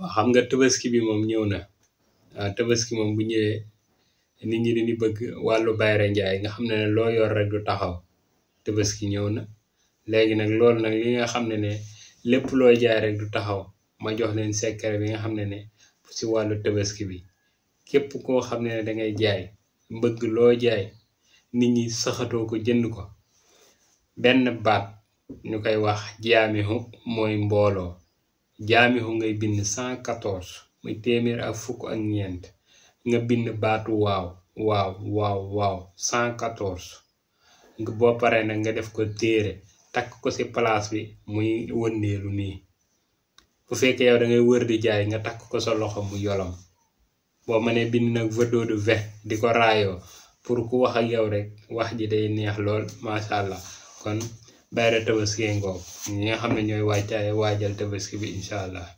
waaw xam nga tabaski bi moom ñëw na waaw ah, tabaski moom bu ñëwee nit ñi dañuy bëgg wàllu bayra njaay nga xam ne ne loo yor rek du taxaw tabaski ñëw na léegi nag loolu nag li nga xam ne ne lépp loo jaay rek du taxaw ma jox leen secret bi nga xam ne ne si wàllu tabaski bi képp koo xam ne dangay jaay mbëgg loo jaay nit ñi saxatoo ko jënd ko benn baat ñu koy wax jaamihu mooy mbooloo jaamixu ngay bind cent quatorze muy téeméer ak fukk ak ñeent nga bind baatu waaw waaw waaw waaw cent quatorze boo nag nga def ko téere takk ko ci place bi muy wëndeelu nii bu fekkee yow da wër di jaay nga takk ko sa loxo mu yolom boo mënee bind nag vidéo de ve di ko rayo pour ku wax ak yow rek wax ji day neex lool macha allah kon bayra tabaski ngoog ñi nga xam ne ñooy waajtaay waajal tabaski bi incha allah